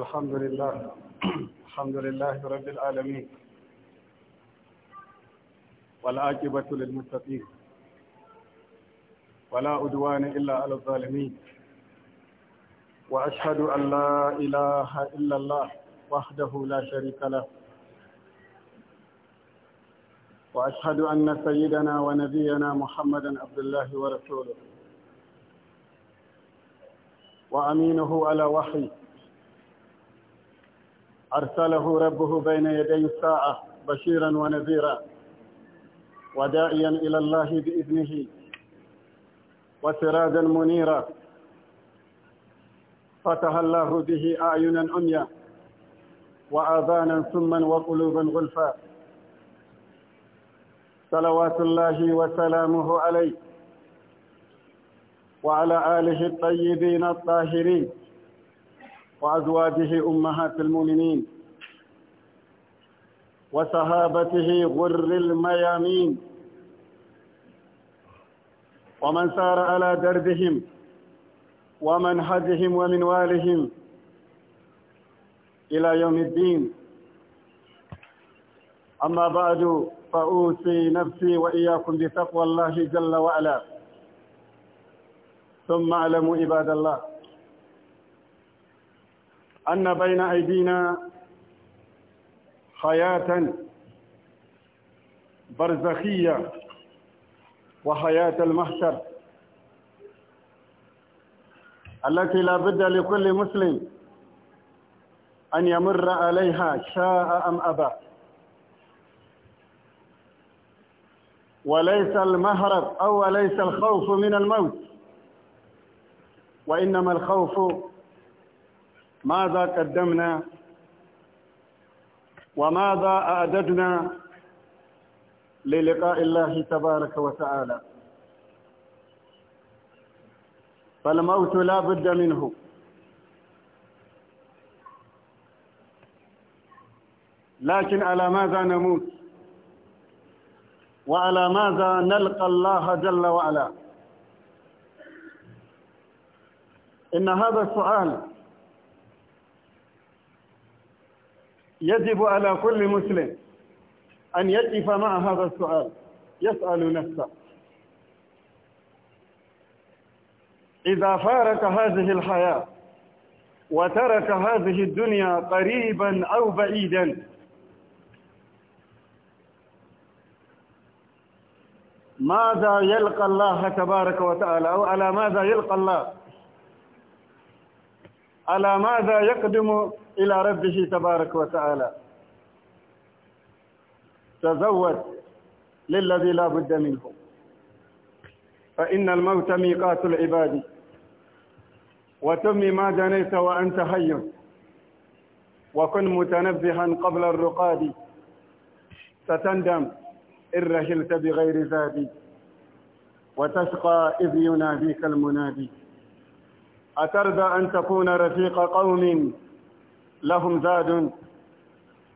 الحمد لله الحمد لله رب العالمين والعاقبة للمتقين ولا عدوان إلا على الظالمين وأشهد أن لا إله إلا الله وحده لا شريك له وأشهد أن سيدنا ونبينا محمدا عبد الله ورسوله وأمينه على وحيه أرسله ربه بين يدي الساعة بشيرا ونذيرا وداعيا إلى الله بإذنه وسراجا منيرا فتح الله به أعينا عميا وآذانا سما وقلوبا غلفا صلوات الله وسلامه عليه وعلى آله الطيبين الطاهرين وأزواجه أمهات المؤمنين وصحابته غر الميامين ومن سار على دربهم ومن ومن ومنوالهم إلى يوم الدين أما بعد فأوصي نفسي وإياكم بتقوى الله جل وعلا ثم اعلموا عباد الله أن بين أيدينا حياة برزخية وحياة المحشر التي لا بد لكل مسلم أن يمر عليها شاء أم أبى وليس المهرب أو ليس الخوف من الموت وإنما الخوف ماذا قدمنا وماذا أعددنا للقاء الله تبارك وتعالى فالموت لا بد منه لكن على ماذا نموت وعلى ماذا نلقى الله جل وعلا إن هذا السؤال يجب على كل مسلم أن يقف مع هذا السؤال يسأل نفسه إذا فارق هذه الحياة وترك هذه الدنيا قريبا أو بعيدا ماذا يلقى الله تبارك وتعالى أو على ماذا يلقى الله على ماذا يقدم إلى ربه تبارك وتعالى تزود للذي لا بد منه فإن الموت ميقات العباد وتم ما جنيت وأنت حي وكن متنبها قبل الرقاد ستندم إن رحلت بغير زاد وتشقى إذ يناديك المنادي أترضى أن تكون رفيق قوم لهم زاد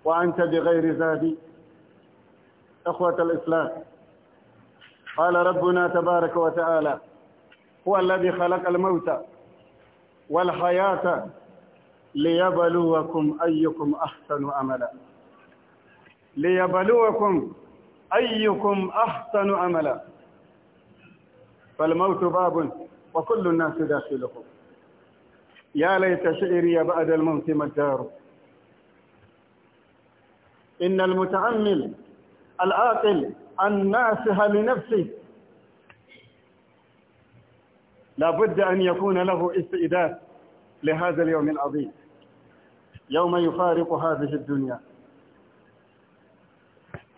وأنت بغير زاد أخوة الإسلام قال ربنا تبارك وتعالى هو الذي خلق الموت والحياة ليبلوكم أيكم أحسن أملا ليبلوكم أيكم أحسن أملا فالموت باب وكل الناس داخلكم يا ليت شعري بعد الموت مدار إن المتعمل العاقل الناسها لنفسه لابد أن يكون له استئداد لهذا اليوم العظيم يوم يفارق هذه الدنيا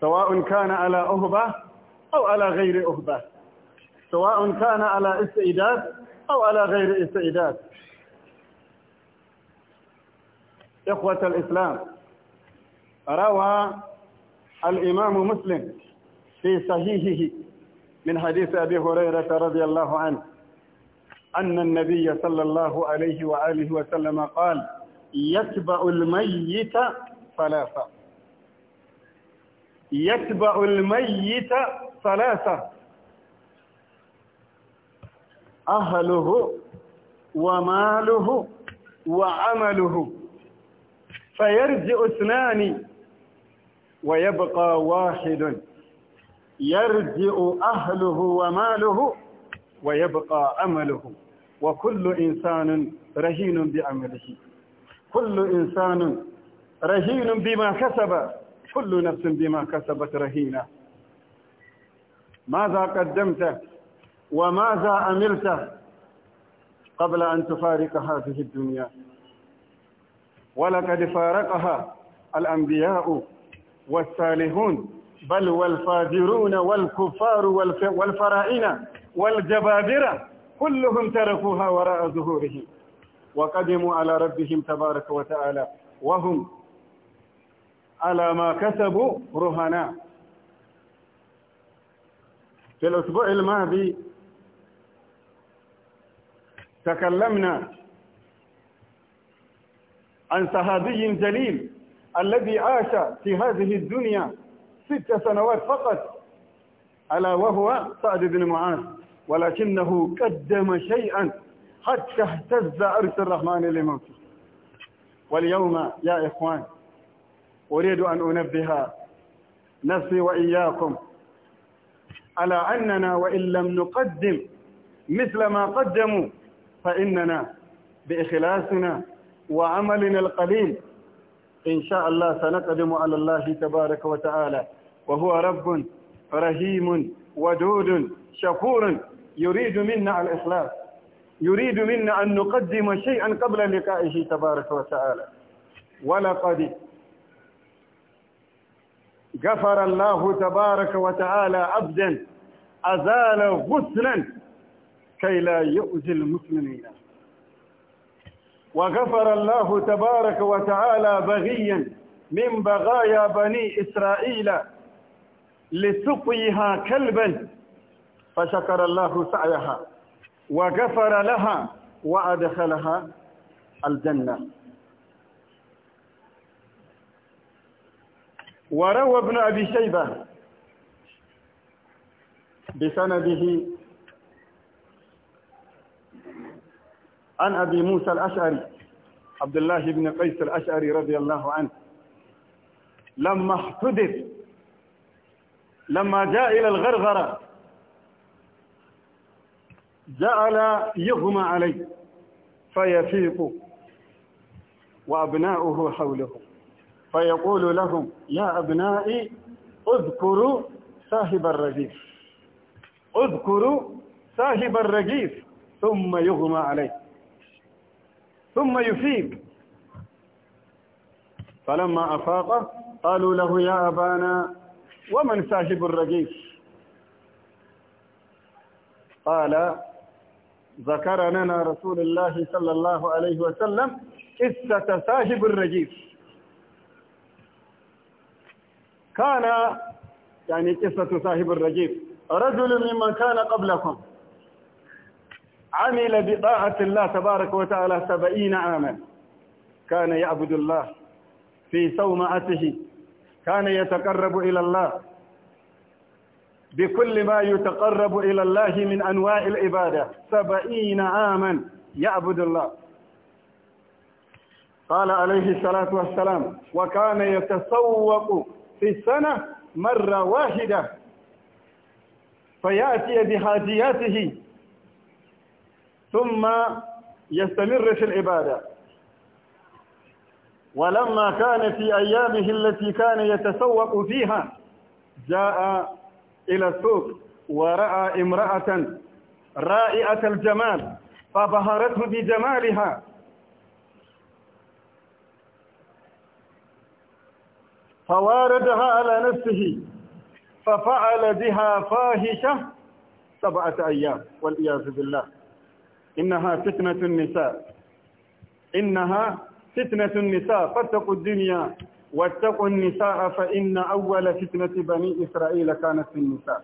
سواء كان على أهبة أو على غير أهبة سواء كان على استئداد أو على غير استئداد إخوة الإسلام روى الإمام مسلم في صحيحه من حديث أبي هريرة رضي الله عنه أن النبي صلى الله عليه وآله وسلم قال يتبع الميت ثلاثة يتبع الميت ثلاثة أهله وماله وعمله فيرجع اثنان ويبقى واحد يرجع أهله وماله ويبقى أمله وكل إنسان رهين بعمله كل إنسان رهين بما كسب كل نفس بما كسبت رهينة ماذا قدمت وماذا عملت قبل أن تفارق هذه الدنيا ولقد فارقها الأنبياء والصالحون بل والفاجرون والكفار والفرائنة والجبابرة كلهم تركوها وراء ظهورهم وقدموا على ربهم تبارك وتعالى وهم على ما كسبوا رهنا في الأسبوع الماضي تكلمنا عن صحابي جليل الذي عاش في هذه الدنيا ست سنوات فقط ألا وهو سعد بن معاذ ولكنه قدم شيئا حتى اهتز عرش الرحمن لموته واليوم يا إخوان أريد أن أنبه نفسي وإياكم على أننا وإن لم نقدم مثل ما قدموا فإننا بإخلاصنا وعملنا القليل إن شاء الله سنقدم على الله تبارك وتعالى وهو رب رحيم ودود شكور يريد منا الإخلاص يريد منا أن نقدم شيئا قبل لقائه تبارك وتعالى ولقد غفر الله تبارك وتعالى عبدا أزال غسلا كي لا يؤذي المسلمين وغفر الله تبارك وتعالى بغيا من بغايا بني إسرائيل لسقيها كلبا فشكر الله سعيها وغفر لها وأدخلها الجنة وروى ابن أبي شيبة بسنده عن أبي موسى الأشعري عبد الله بن قيس الأشعري رضي الله عنه لما احتدر لما جاء إلى الغرغرة جعل يغمى عليه فيفيق وأبناؤه حوله فيقول لهم يا أبنائي اذكروا صاحب الرجيف اذكروا صاحب الرجيف ثم يغمى عليه ثم يفيق فلما أفاق قالوا له يا أبانا ومن ساحب الرجيف قال ذكر لنا رسول الله صلى الله عليه وسلم قصة ساحب الرجيف كان يعني قصة ساحب الرجيف رجل ممن كان قبلكم عمل بطاعة الله تبارك وتعالى سبعين عاما كان يعبد الله في صومعته كان يتقرب إلى الله بكل ما يتقرب إلى الله من أنواع العبادة سبعين عاما يعبد الله قال عليه الصلاة والسلام وكان يتسوق في السنة مرة واحدة فيأتي بحاجياته ثم يستمر في العبادة ولما كان في أيامه التي كان يتسوق فيها جاء إلى السوق ورأى امرأة رائعة الجمال فبهرته بجمالها فواردها على نفسه ففعل بها فاهشة سبعة أيام والعياذ بالله إنها فتنة النساء إنها فتنة النساء فاتقوا الدنيا واتقوا النساء فإن أول فتنة بني إسرائيل كانت في النساء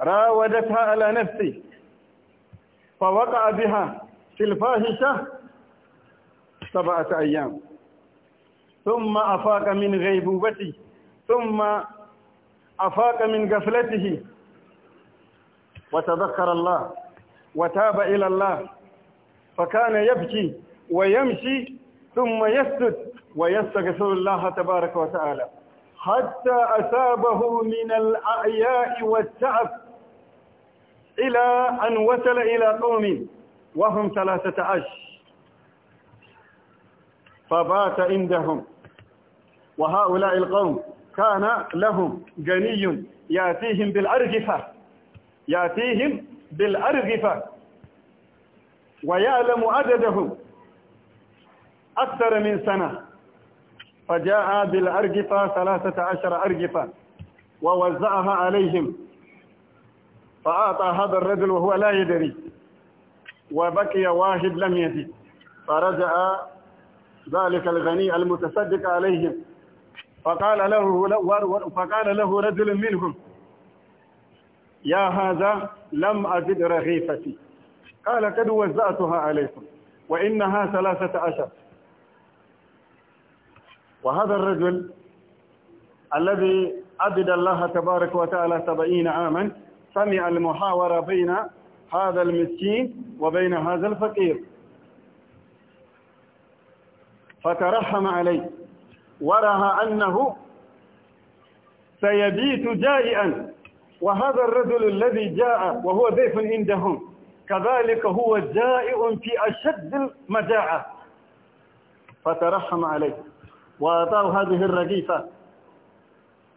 راودتها على نفسي فوقع بها في الفاحشة سبعة أيام ثم أفاق من غيبوبته ثم أفاق من غفلته وتذكر الله وتاب إلى الله فكان يبكي ويمشي ثم يسجد ويستغفر الله تبارك وتعالى حتى أصابه من الأعياء والتعب إلى أن وصل إلى قوم وهم ثلاثة عشر فبات عندهم وهؤلاء القوم كان لهم جني يأتيهم بالأرجفة يأتيهم بالأرغفة ويعلم عددهم أكثر من سنة فجاء بالأرغفة ثلاثة عشر أرغفة ووزعها عليهم فأعطى هذا الرجل وهو لا يدري وبقي واحد لم يدري فرجع ذلك الغني المتصدق عليهم فقال له فقال له رجل منهم يا هذا لم أزد رغيفتي قال قد وزعتها عليكم وإنها ثلاثة عشر وهذا الرجل الذي عبد الله تبارك وتعالى سبعين عاما سمع المحاورة بين هذا المسكين وبين هذا الفقير فترحم عليه ورأى أنه سيبيت جائعا وهذا الرجل الذي جاء وهو ضيف عندهم كذلك هو جائع في أشد المجاعة فترحم عليه وأعطاه هذه الرغيفة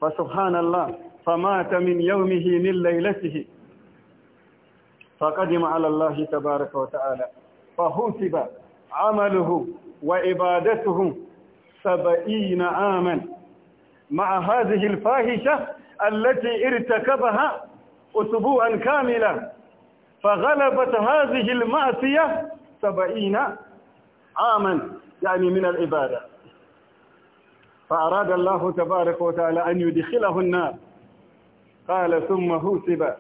فسبحان الله فمات من يومه من ليلته فقدم على الله تبارك وتعالى فحسب عمله وعبادته سبعين عاما مع هذه الفاحشة التي ارتكبها أسبوعا كاملا فغلبت هذه المعصية سبعين عاما يعني من العبادة فأراد الله تبارك وتعالى أن يدخله النار قال ثم هوسب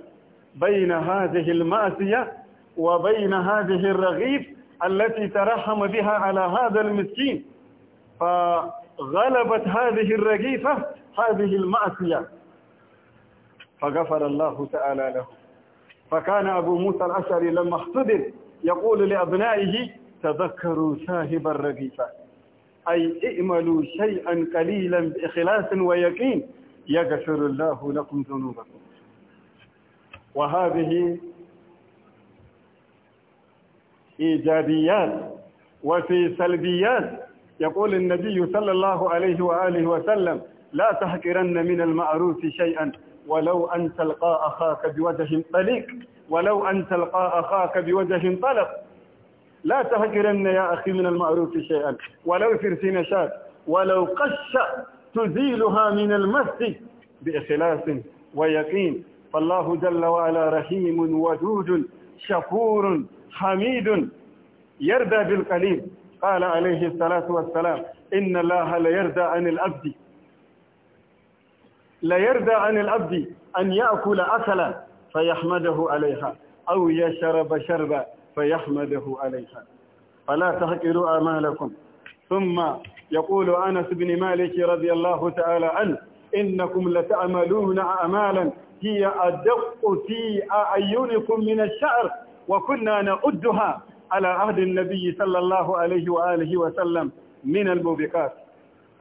بين هذه المعصية وبين هذه الرغيف التي ترحم بها على هذا المسكين فغلبت هذه الرغيفة هذه المعصية فغفر الله تعالى له فكان أبو موسى الأشعري لما اختبر يقول لأبنائه تذكروا صاحب الرغيفة أي اعملوا شيئا قليلا بإخلاص ويقين يغفر الله لكم ذنوبكم وهذه إيجابيات وفي سلبيات يقول النبي صلى الله عليه وآله وسلم لا تحقرن من المعروف شيئا ولو أن تلقى أخاك بوجه طليق ولو أن تلقى أخاك بوجه طلق لا تهجرن يا أخي من المعروف شيئا ولو فرسين شاد ولو قش تزيلها من المس بإخلاص ويقين فالله جل وعلا رحيم ودود شكور حميد يرضى بالقليل قال عليه الصلاة والسلام إن الله ليرضى عن الأبد لا يرضى عن العبد أن يأكل أكلا فيحمده عليها أو يشرب شربا فيحمده عليها فلا تحقروا أعمالكم ثم يقول أنس بن مالك رضي الله تعالى عنه إنكم لتعملون أعمالا هي أدق في أعينكم من الشعر وكنا نعدها على عهد النبي صلى الله عليه وآله وسلم من الموبقات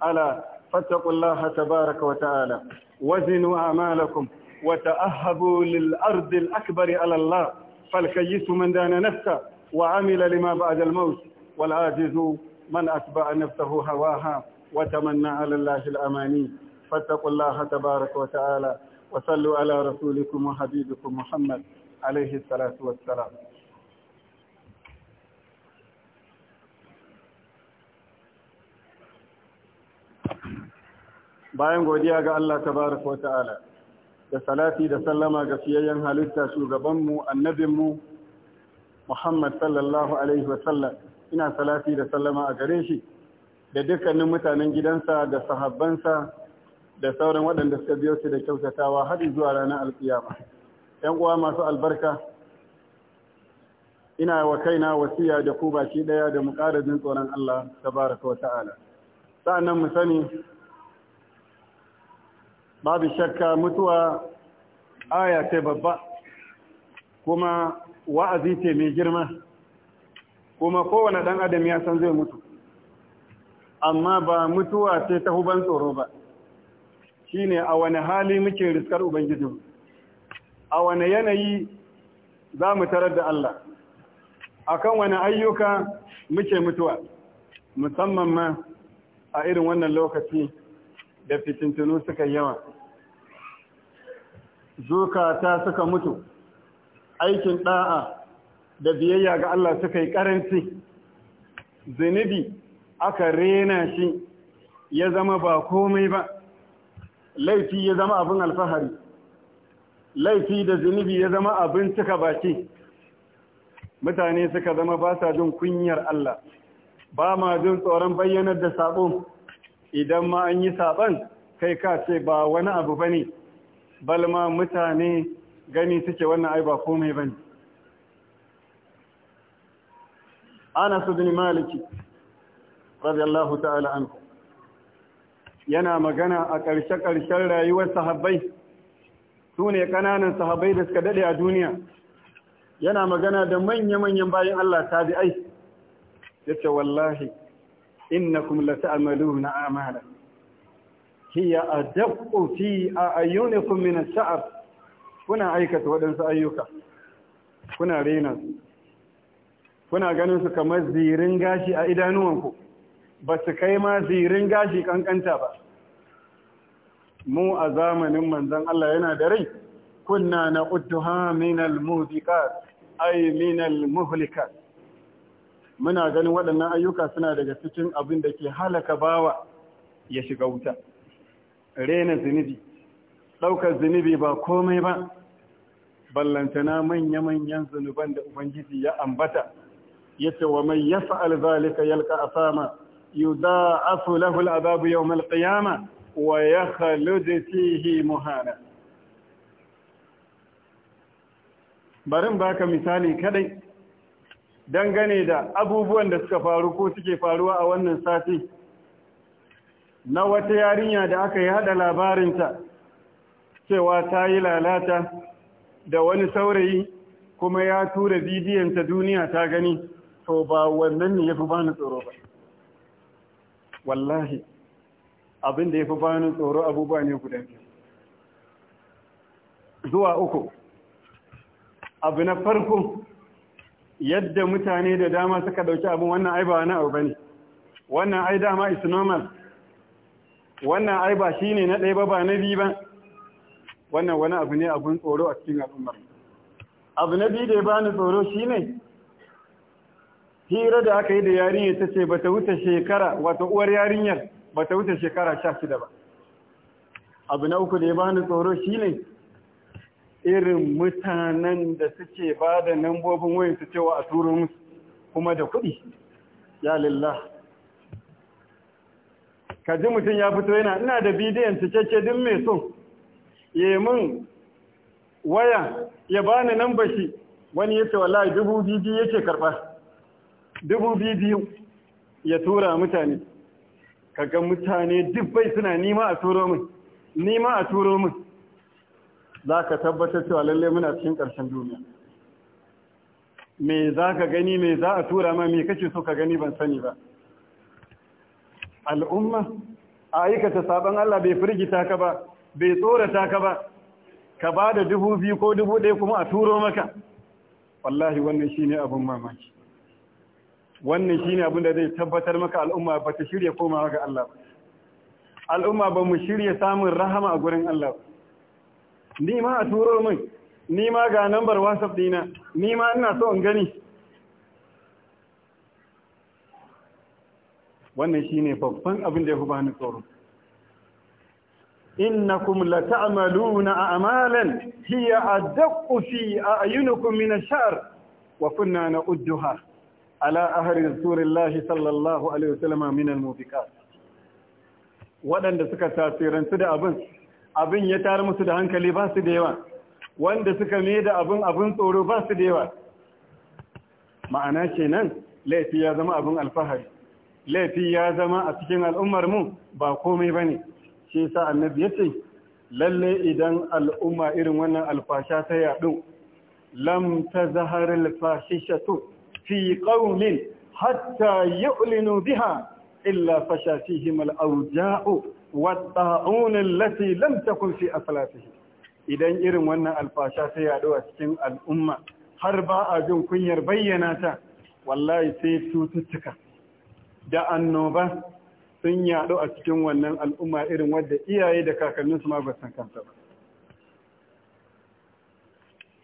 ألا فاتقوا الله تبارك وتعالى وزنوا أعمالكم وتأهبوا للأرض الأكبر على الله فالكيس من دان نفسه وعمل لما بعد الموت والعاجز من أتبع نفسه هواها وتمنى على الله الأماني فاتقوا الله تبارك وتعالى وصلوا على رسولكم وحبيبكم محمد عليه الصلاة والسلام bayan godiya ga Allah tabaraka wa da salati da sallama ga fiyayyen halitta shugabanmu annabinmu Muhammad sallallahu alaihi wa sallam ina salati da sallama a gare shi da dukkanin mutanen gidansa da sahabbansa da sauran waɗanda suka biyo su da kyautatawa har zuwa ranar alkiyama ƴan uwa masu albarka ina wa kaina wasiya da ku baki ɗaya da mu jin tsoron Allah tabaraka wa sa'annan mu sani babu shakka mutuwa aya ce babba kuma wa'azi ce mai girma kuma kowane 'dan adam ya san zai mutu amma ba mutuwa ce ta huban tsoro ba shine a wani hali muke riskar ubangiji a wani yanayi za mu tarar da Allah akan wani ayyuka muke mutuwa musamman ma a irin wannan lokaci da fitintunu suka yawa zukata suka mutu aikin da'a da biyayya ga Allah suka yi karanci zunubi aka rena shi ya zama ba komai ba laifi ya zama abin alfahari laifi da zunubi ya zama abin cika baki mutane suka zama ba sa jin kunyar Allah ba ma jin tsoron bayyanar da sabo idan ma an yi saban kai ka ce ba wani abu ba ne balma mutane gani suke wannan ai ba komai ba ne ana su bin maliki radiyallahu ta'ala an yana magana a ƙarshe-ƙarshen rayuwar sahabbai su ne ƙananan sahabbai da suka daɗe a duniya yana magana da manya-manyan bayan Allah ta bi ai. Yace wallahi إنكم لتعملون أعمالا هي أدق في أعينكم من الشعر kuna aikata waɗansu ayyuka kuna rena su kuna ganin su kamar zirin gashi a idanuwanku ba su kai ma zirin gashi kankanta ba mu a zamanin manzon Allah yana da rai kunna na udduha min al-muzikat ay min al-muhlikat muna ganin waɗannan ayyuka suna daga cikin abin da ke halaka bawa ya shiga wuta rena zunubi ɗaukar zunubi ba komai ba ballantana manya-manyan zunuban da ubangiji ya ambata ya ce wa mai ya alzalika zalika yalka a sama yi za a su lahul azabu yau malƙiyama wa ya haludu fihi muhana barin baka misali kadai dangane da abubuwan da suka faru ko suke faruwa a wannan sati na wata yarinya da aka yi hada labarinta cewa ta yi lalata da wani saurayi kuma ya tura bidiyonta duniya ta gani to ba wannan ne ya fi bani tsoro ba wallahi abin ya fi bani tsoro abubuwa ne guda zuwa uku abu na farko yadda mutane da dama suka dauki abin wannan ai ba wani abu bane wannan ai dama is normal wannan ai ba shine na ɗaya ba ba na biyu ba wannan wani abu ne abun tsoro a cikin al'ummar abu na biyu da ya bani tsoro shine hira da aka yi da yarinya ta ce bata wuce shekara wata uwar yarinyar bata wuce shekara 16 ba abu na uku da ya bani tsoro shine irin mutanen da suke ba da nambobin wayan su cewa a turo musu kuma da kuɗi ya lillah ka ji mutum ya fito yana ina da bidiyon cikakke din mai so ya min waya ya bani nan shi wani ya ce wallahi dubu biyu yake karɓa dubu biyu ya tura mutane kaga mutane dubbai suna nima a turo min nima a turo min za ka tabbatar cewa lalle muna cikin ƙarshen duniya me za ka gani me za a tura ma me kake so ka gani ban sani ba al'umma a aikata sabon Allah bai firgita ka ba bai tsorata ka ba ka ba da dubu biyu ko dubu ɗaya kuma a turo maka wallahi wannan shi ne abin mamaki wannan shi ne abin da zai tabbatar maka al'umma ba ta shirya komawa ga Allah ba al'umma ba mu shirya samun rahama a gurin Allah ba ni ma a turo min ni ma ga nambar whatsapp dina ni ma ina so in gani wannan ne babban abin da ya fi bani tsoro innakum lata'maluna a'malan hiya adaqqu fi a'yunikum min ash-sha'r wa kunna na'udduha ala ahli rasulillahi sallallahu alaihi wasallam min al-mubiqat wadanda suka tasirantu da abin abin ya tare musu da hankali ba su da yawa wanda suka mai da abin abin tsoro ba su da yawa ma'ana kenan laifi ya zama abin alfahari laifi ya zama a cikin al'ummar mu ba komai bane shi yasa annabi yace lalle idan al'umma irin wannan alfasha ta yadu lam tazhar alfahishatu fi qaumin hatta yu'linu biha illa fashatihim fihim al'auja'u والطاعون التي لم تكن في أسلافه idan irin wannan alfasha ta yaɗo a cikin al'umma har ba a jin kunyar bayyana ta wallahi sai cututtuka da annoba sun yaɗo a cikin wannan al'umma irin wadda iyaye da kakannin su ma ba san kanta ba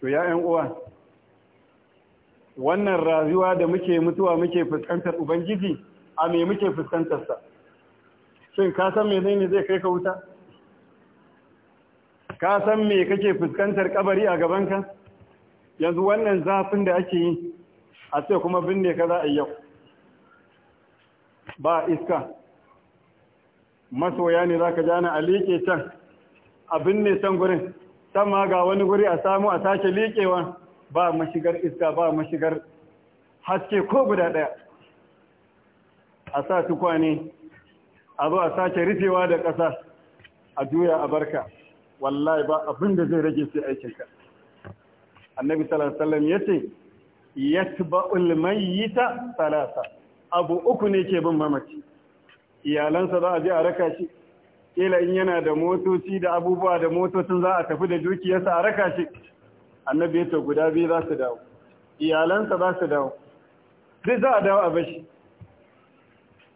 to ya uwa wannan rayuwa da muke mutuwa muke fuskantar ubangiji a me muke fuskantar sa shin ka san me zai ne zai kai ka wuta ka san me kake fuskantar kabari a gaban ka? yanzu wannan zafin da ake yi a ce kuma binne ka za a yau ba iska masoya ne za ka jana a liƙe can a binne can gurin sama ga wani guri a samu a sake liƙewa ba mashigar iska ba mashigar haske ko guda ɗaya a sa tukwane a zo a sake rufewa da ƙasa a juya a barka wallahi ba abin da zai rage sai aikinka annabi sallallahu alaihi wasallam yace yatba'ul mayyita salasa abu uku ne ke bin mamaci iyalansa za a je a raka shi kila in yana da motoci da abubuwa da motocin za a tafi da dukiyarsa a raka shi annabi ya guda biyu za su dawo iyalansa za su dawo duk za a dawo a bashi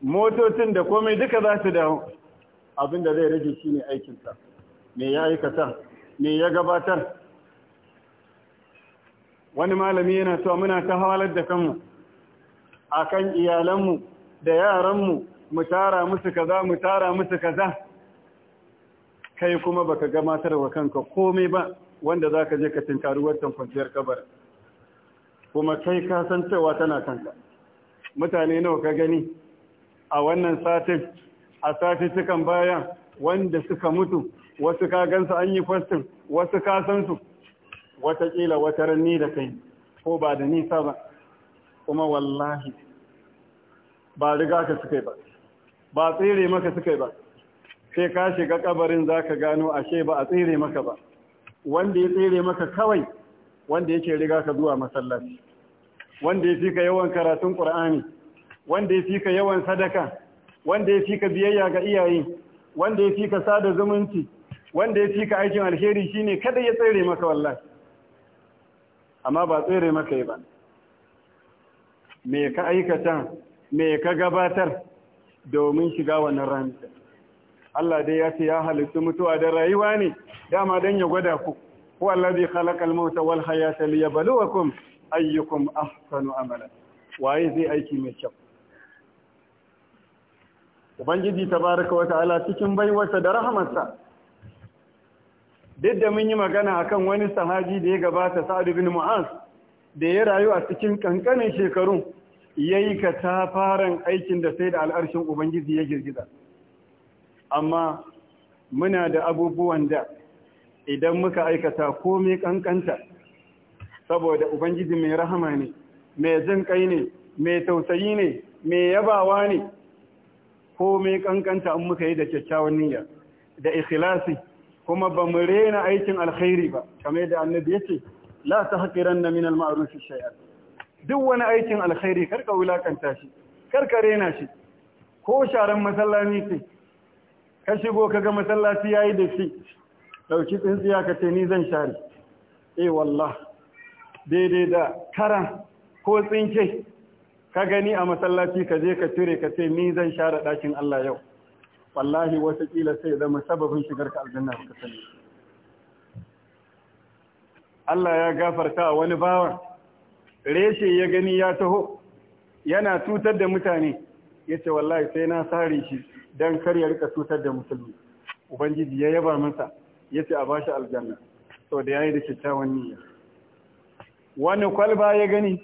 motocin da komai duka za su dawo abin da zai rage shi ne aikinsa me ya aikata me ya gabatar wani malami yana so muna ta hawalar da kanmu a kan iyalanmu da yaranmu mu tara musu kaza mu tara musu kaza kai kuma baka gamatar wa kanka komai ba wanda za ka je ka tinkari wancan kwanciyar kabar kuma kai ka san tana kanka mutane nawa ka gani a wannan satin a satin sukan bayan wanda suka mutu wasu ka gansu an yi kwastin wasu ka san su watakila wata ranni da kai ko ba da nisa ba kuma wallahi ba riga ka suka ba ba tsere maka suka ba sai ka shiga kabarin za ka gano ashe ba a tsere maka ba wanda ya tsere maka kawai wanda yake riga ka zuwa masallaci wanda ya fi ka yawan karatun ƙur'ani wanda ya fi ka yawan sadaka wanda ya fi ka biyayya ga iyaye wanda ya fi ka sada zumunci wanda ya fi ka aikin alheri shi ne kada ya tsere maka wallahi amma ba tsere maka yi ba me ka aikata me ka gabatar domin shiga wannan ranta. Allah dai ya ce ya halittu mutuwa da rayuwa ne dama don ya gwada ku huwa allazi khalaqal mauta wal hayata liyabluwakum ayyukum ahsanu amala waye zai aiki mai kyau ubangiji ta tabaraka wa ta'ala cikin baiwarsa da rahamarsa duk da mun yi magana akan wani sahaji da ya gabata sa'ad bin mu'az da ya rayu a cikin kankanin shekaru yayi ka ta faran aikin da sai da al'arshin ubangiji ya girgiza amma muna da abubuwan da idan muka aikata komai ƙanƙanta saboda ubangiji mai rahama ne mai jin kai ne mai tausayi ne mai yabawa ne komai kankanta an muka yi da kyakkyawan niyya da ikhlasi kuma ba mu rena aikin alkhairi ba kamar da annabi yace la tahqiran min al-ma'ruf shay'an duk wani aikin alkhairi karka wulakanta shi kar ka rena shi ko sharan masallaci ce ka shigo kaga masallaci yayi da shi dauki tsintsiya ka ce ni zan share eh wallah daidai da karan ko tsinke ka gani a masallaci ka je ka cire ka ce ni zan share ɗakin Allah yau wallahi wata kila sai zama sababin shigar ka aljanna ka sani Allah ya gafarta wani bawan reshe ya gani ya taho yana tutar da mutane ya wallahi sai na sare shi dan kar ya rika tutar da musulmi ubangiji ya yaba masa yace a bashi aljanna to da ya yi da kyakkyawan niyya wani kwalba ya gani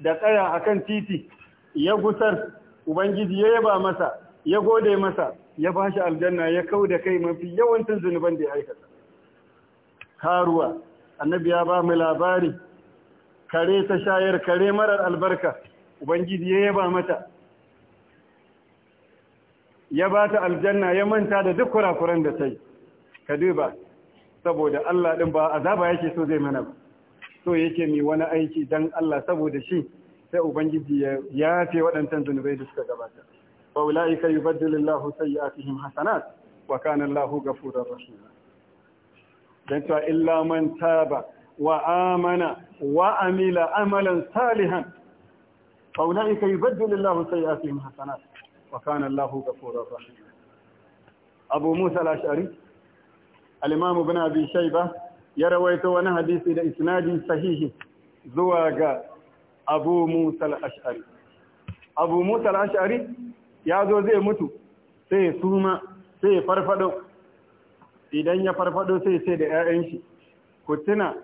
da tsaya kan titi ya gusar ubangiji ya yaba masa ya gode masa ya bashi aljanna ya kau da kai mafi yawancin zunuban da ya aikata karuwa annabi ya ba mu labari kare ta shayar kare marar albarka ubangiji ya yaba mata ya ba ta aljanna ya manta da duk kurakuran da ta yi ka duba saboda Allah ɗin ba azaba yake so zai mana ba so yake mi wani aiki dan Allah saboda shi sai ubangiji ya yafe waɗancan zunubai da suka gabata fa ulaika yubaddilu Allahu sayyi'atihim hasanat wa kana Allahu ghafurur rahim dan ta illa man taba wa amana wa amila amalan salihan fa ulaika yubaddilu Allahu sayyi'atihim hasanat wa kana Allahu ghafurur rahim Abu Musa al-Ash'ari al-Imam Ibn Abi Shaybah ya rawaito wani hadisi da isnadi sahihi zuwa ga abu musa al-ash'ari abu musa al-ash'ari ya zo zai mutu sai suma sai farfado idan ya farfado sai sai da 'ya'yan shi ku tuna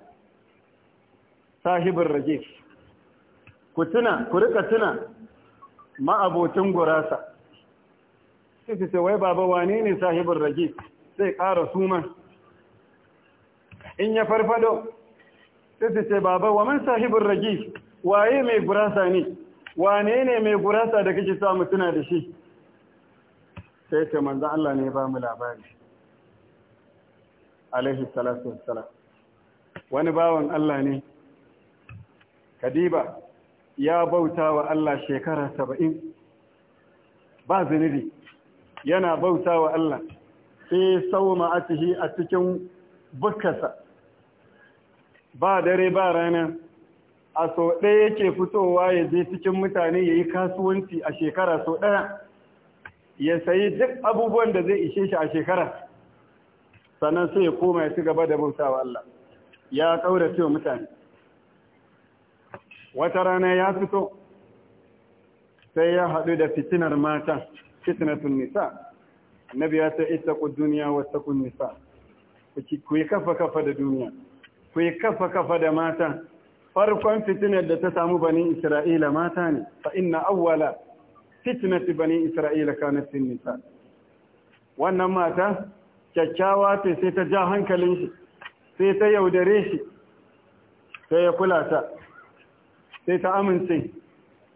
sahibin rage ku tuna ku rika tuna ma'abocin gurasa sai sai wai baba wane ne sahibin rage sai ƙara suma in ya farfado sai su ce baba wa man sahibin ragi waye mai gurasa ne wane ne mai gurasa da kake samu tuna da shi sai ce manzo Allah ne ya ba mu labari alaihi salatu wassalam wani bawan Allah ne kadiba ya bauta wa Allah shekara saba'in ba zunubi yana bauta wa Allah sai sauma a cikin bukkasa ba dare ba rana a so ɗaya yake fitowa ya je cikin mutane ya yi kasuwanci a shekara so ɗaya ya sayi duk abubuwan da zai ishe shi a shekara sannan sai ya koma ya ci gaba da bautawa Allah ya ƙaura cewa mutane wata rana ya fito sai ya haɗu da fitinar mata fitnatun nisa annabi ya sai ita ku duniya wata kun nisa ku yi kafa kafa da duniya ku yi kafa kafa da mata farkon fitinar da ta samu bani isra'ila mata ne fa inna awwala fitnati bani isra'ila kana sin nisa wannan mata kyakkyawa ce sai ta ja hankalin shi sai ta yaudare shi sai ya kula ta sai ta amince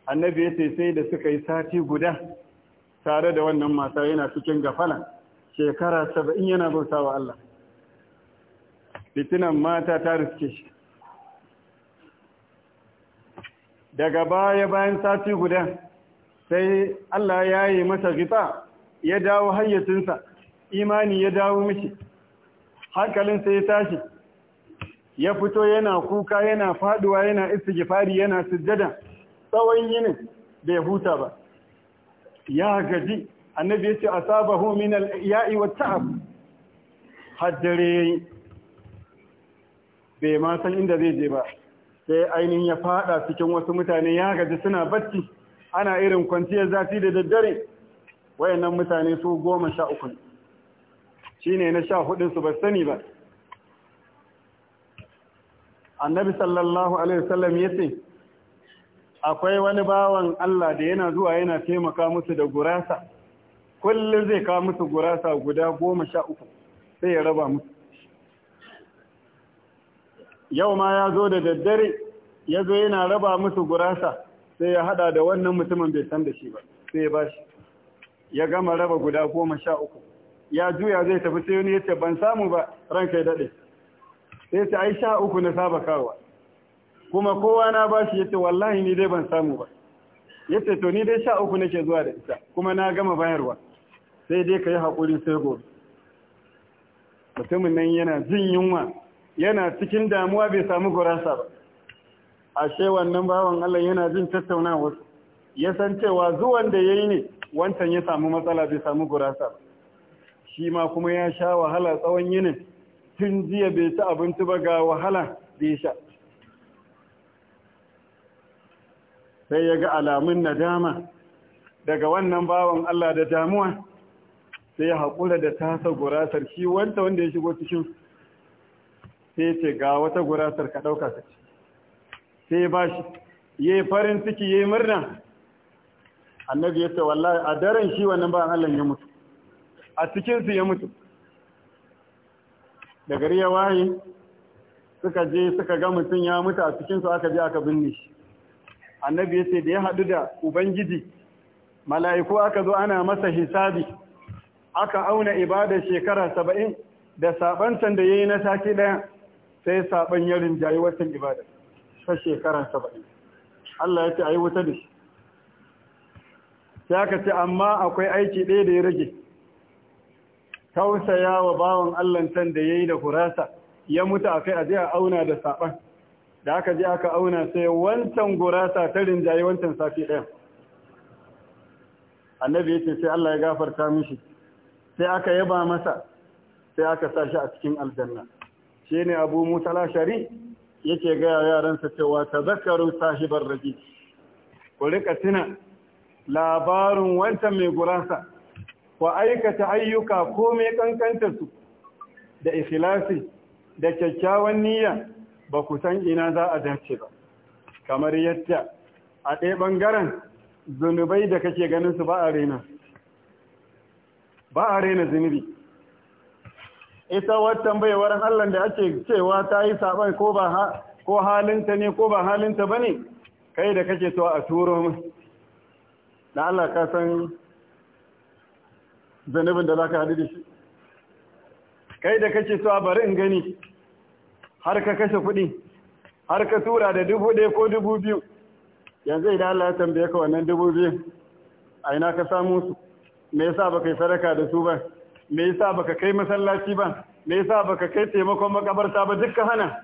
annabi ya ce sai da suka yi sati guda tare da wannan mata yana cikin gafala shekara saba'in yana bautawa Allah fitinan mata ta riske shi daga baya bayan sati guda sai Allah ya yi masa gita ya dawo hayyacinsa imani ya dawo mishi hankalinsa ya tashi ya fito yana kuka yana faduwa yana istighfari yana sujjada tsawon yinin bai huta ba ya gaji annabi yace asabahu min al-ya'i wat-ta'ab haddare bai ma san inda zai je ba sai ainihin ya fada cikin wasu mutane ya gaji suna bacci ana irin kwanciyar zafi da daddare wayannan mutane su goma sha uku shine na sha hudun su ba sani ba annabi sallallahu alaihi wasallam ce akwai wani bawan Allah da yana zuwa yana taimaka musu da gurasa kullum zai kawo musu gurasa guda goma sha uku sai ya raba musu yau ma ya zo da daddare ya zo yana raba musu gurasa sai ya hada da wannan mutumin bai san da shi ba sai ya bashi ya gama raba guda goma sha uku ya juya zai tafi sai wani ya ce ban samu ba ranka ya daɗe sai ce ai sha uku na saba kawa kuma kowa na bashi ya ce wallahi ni dai ban samu ba ya ce to ni dai sha uku nake zuwa da ita kuma na gama bayarwa sai dai ka yi haƙuri sai gobe mutumin nan yana jin yunwa yana cikin damuwa bai samu gurasa ba ashe wannan bawan Allah yana jin tattaunawa ya san cewa zuwan da yayi ne wancan ya samu matsala bai samu gurasa ba shi ma kuma ya sha wahala tsawon yinin tun jiya bai ci abinci ba ga wahala da ya sha sai ya ga alamun nadama daga wannan bawan Allah da damuwa sai ya haƙura da tasa gurasar shi wanda wanda ya shigo cikin sai ce ga wata gurasar ka ɗauka ka ce sai ba shi yi farin ciki yi murna annabi ya ce wallahi a daren shi wannan ba Allah ya mutu a cikinsu ya mutu da gari ya waye suka je suka ga mutum ya mutu a cikinsu aka je aka binne shi annabi ya ce da ya haɗu da ubangiji mala'iku aka zo ana masa hisabi aka auna ibada shekara saba'in da sabantan da ya yi na sati ɗaya sai saban yarin jayi watan ibada ta shekaran saba'in Allah ya ce a yi wuta da shi sai aka ce amma akwai aiki ɗaya da ya rage tausaya wa bawan Allah can da ya yi da kurasa ya mutu a kai a je a auna da saban da aka je aka auna sai wancan gurasa ta rinjaye wancan safi ɗaya annabi ya ce sai Allah ya gafarta mishi sai aka yaba masa sai aka sashi a cikin aljanna shi ne abu mutala shari yake gaya yaransa cewa ta zakaru sahibar rabi ku rika tuna labarin wancan mai gurasa ku aikata ayyuka ko mai komai su, da ikhlasi da kyakkyawan niyya ba ku san ina za a dace ba kamar yadda a ɗaya ɓangaren zunubai da kake ganin su ba a rena ba a rena zunubi ita watan baiwar Allah da ake cewa ta yi saban ko ba ko halinta ne ko ba halinta bane kai da kake to a turo na Allah ka san zanubin da zaka hadu da shi kai da kake to bari in gani har ka kashe kuɗi har ka tura da dubu ɗaya ko dubu biyu yanzu idan Allah ya tambaye ka wannan dubu biyu a ina ka samu su me yasa baka yi sadaka da su ba me yasa baka kai masallaci ba me yasa baka kai taimakon makabarta ba dukka hana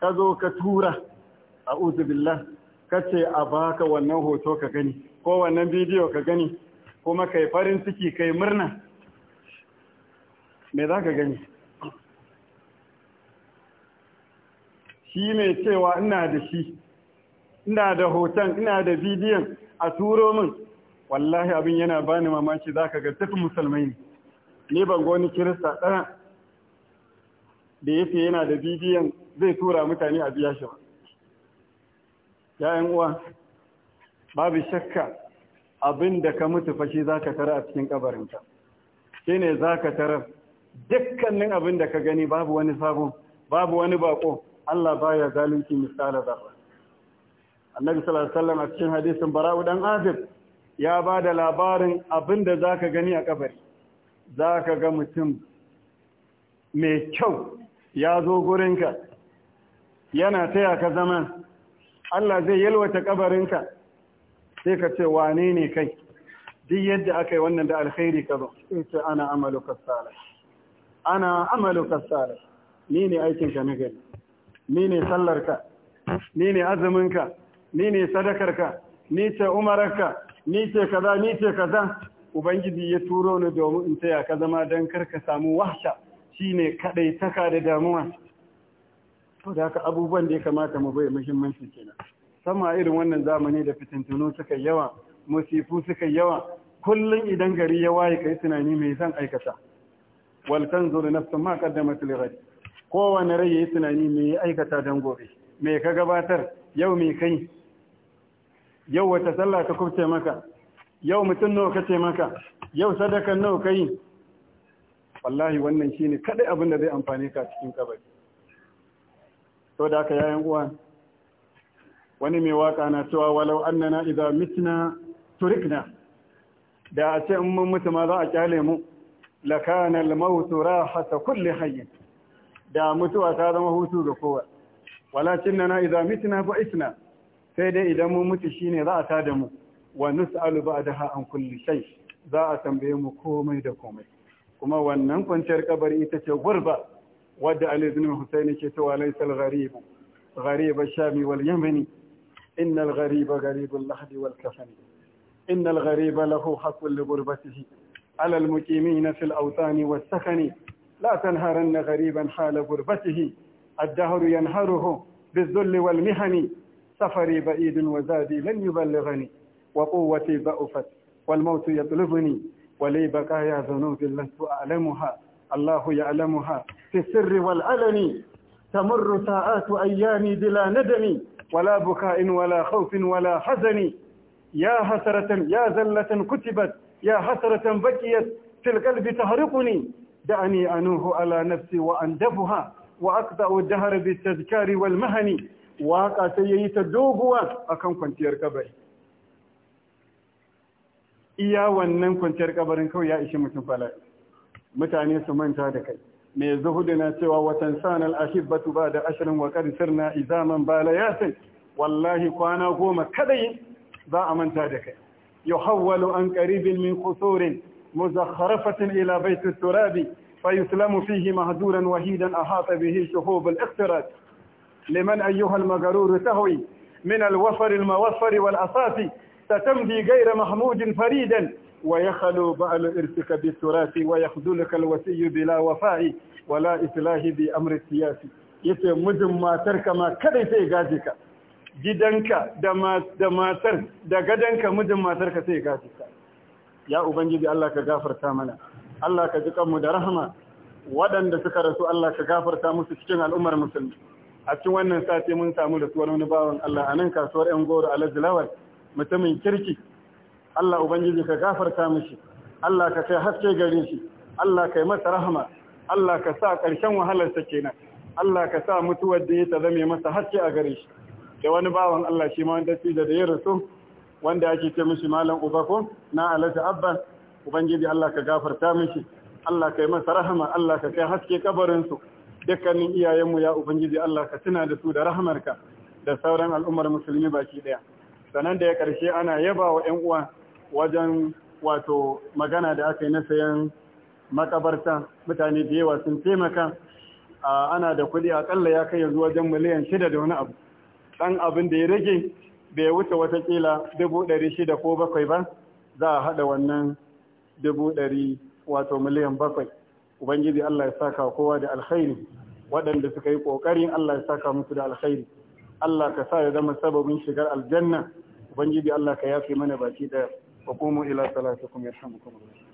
ka zo ka tura a billah ka ce a baka wannan hoto ka gani ko wannan bidiyo ka gani kuma kai farin ciki kai murna me za ka gani shi ne cewa ina da shi ina da hoton ina da bidiyon a turo min wallahi abin yana bani mamaki za ka ga tafi musulmai ne ni ban goni wani kirista ɗaya da yake yana da bidiyon zai tura mutane a biya shi ba ya'yan uwa babu shakka abin da ka mutu fashi za ka tara a cikin ƙabarinka. shi ne za ka tara dukkanin abin da ka gani babu wani sabon babu wani bako Allah baya zalunci misala zarra annabi sallallahu alaihi a cikin hadisin bara'u ɗan azib ya ba da labarin abin da za ka gani a ƙabari. za ka ga mutum mai kyau ya zo gurinka yana taya ka zama Allah zai yalwata kabarinka sai ka ce wane ne kai duk yadda aka yi wannan da alkhairi ka zo sai ce ana amalu kasala ana amalu kasala ni ne aikinka na gani? ni ne sallarka ni ne azuminka ni ne sadakarka ni ce umararka ni ce kaza ni ce kaza ubangiji ya turo ni domin in taya ka zama don karka samu wahsha ne kadai taka da damuwa to da haka abubuwan da ya kamata mu bai muhimmanci kenan sama irin wannan zamani da fitintunu suka yawa musifu suka yawa kullum idan gari ya waye kai tunani mai zan aikata wal na sun ma qaddamat li ghad kowane rai yayi tunani mai aikata dan gobe me ka gabatar yau me kai yau wata sallah ta kubce maka yau mutum nawa kace maka yau sadakan nawa kai wallahi wannan shine kadai abin da zai amfane ka cikin kabari to da aka yayin uwa wani mai waka na cewa walau annana idza mitna turikna da a ce in mun mutu ma za a kyale mu lakana al-maut rahata kulli hayy da mutuwa ta zama hutu ga kowa walakinna idza mitna fa isna sai dai idan mun mutu shine za a tada mu wa nus'alu ba'daha an kulli shay za a tambaye mu komai da komai kuma wannan kwanciyar kabari ita ce gurba wadda Ali ibn Husayn ke cewa laysa al-gharib gharib ash-sham wal yaman inna al-gharib gharib al-lahd wal kafan inna al-gharib lahu haqqu li ghurbatihi ala al-muqimin fi al-awtan was-sakan la tanharanna ghariban hala ghurbatihi الدهر ينهره بالذل والمهن سفري بعيد وزادي لن يبلغني وقوتي ضعفت والموت يطلبني ولي بقايا ذنوب لست أعلمها الله يعلمها في السر والعلن تمر ساعات أيامي بلا ندم ولا بكاء ولا خوف ولا حزن يا حسرة يا زلة كتبت يا حسرة بكيت في القلب تهرقني دعني أنوه على نفسي وأندبها وأقطع الدهر بالتذكار والمهن واقع سيئي تدوغوا أكم كنت يركبه iya wannan kwanciyar kabarin kawai ya ishi mutum fala'i mutane su manta da kai mai zuhudu na cewa watan sanar ahibatu ba da ashirin wa karisar na izaman bala ya sai wallahi kwana goma kadai za a manta da kai yau hawwalu an karibin min kusurin muzakharafatin ila baitu turabi fa yuslamu fihi mahduran wahidan مهدورا وحيدا أحاط به شهوب liman لمن أيها المغرور تهوي من الوفر الموفر والأساس ستمضي غير محمود فريدا ويخلو بعل إرثك بالتراث ويخذلك الوسي بلا وفاء ولا إسلاه بأمر السياسي yace mijin matarka ma kada sai gaji ka gidanka da matar gadanka mijin matarka sai gaji ka ya ubangiji Allah ka gafarta mana Allah ka ji kanmu da rahama waɗanda suka rasu Allah ka gafarta musu cikin al'ummar musulmi a cikin wannan sati mun samu da suwar wani bawan Allah a nan kasuwar 'yan goro a mutumin kirki Allah ubangiji ka gafarta mishi Allah ka kai haske gare shi Allah kai masa rahama Allah ka sa ƙarshen wahalarsa kenan Allah ka sa mutuwar da ya ta zame masa haske a gare shi da wani bawan Allah shi ma wanda da ya rasu wanda ake ce mishi malam uba ko na alata abba ubangiji Allah ka gafarta mishi Allah kai masa rahama Allah ka kai haske kabarinsu dukkanin iyayenmu ya ubangiji Allah ka tuna da su da rahamarka da sauran al'ummar musulmi baki ɗaya. sanan da ya karshe ana yaba wa ‘yan uwa wajen wato magana da aka yi na sayan makabarta mutane da yawa sun taimaka ana da kuɗi akalla ya kai yanzu wajen miliyan shida da wani abu ɗan abin da ya rage bai wuce watakila dubu ɗari shida ko bakwai ba za a haɗa wannan dubu ɗari wato miliyan bakwai ubangiji allah ya saka kowa da alkhairi waɗanda suka yi ƙoƙarin allah ya saka musu da alkhairi Allah ka sa ya zama sababin shigar aljanna ubangiji Allah ka yafe mana baki da wa qumu ila salatikum yarhamukum Allah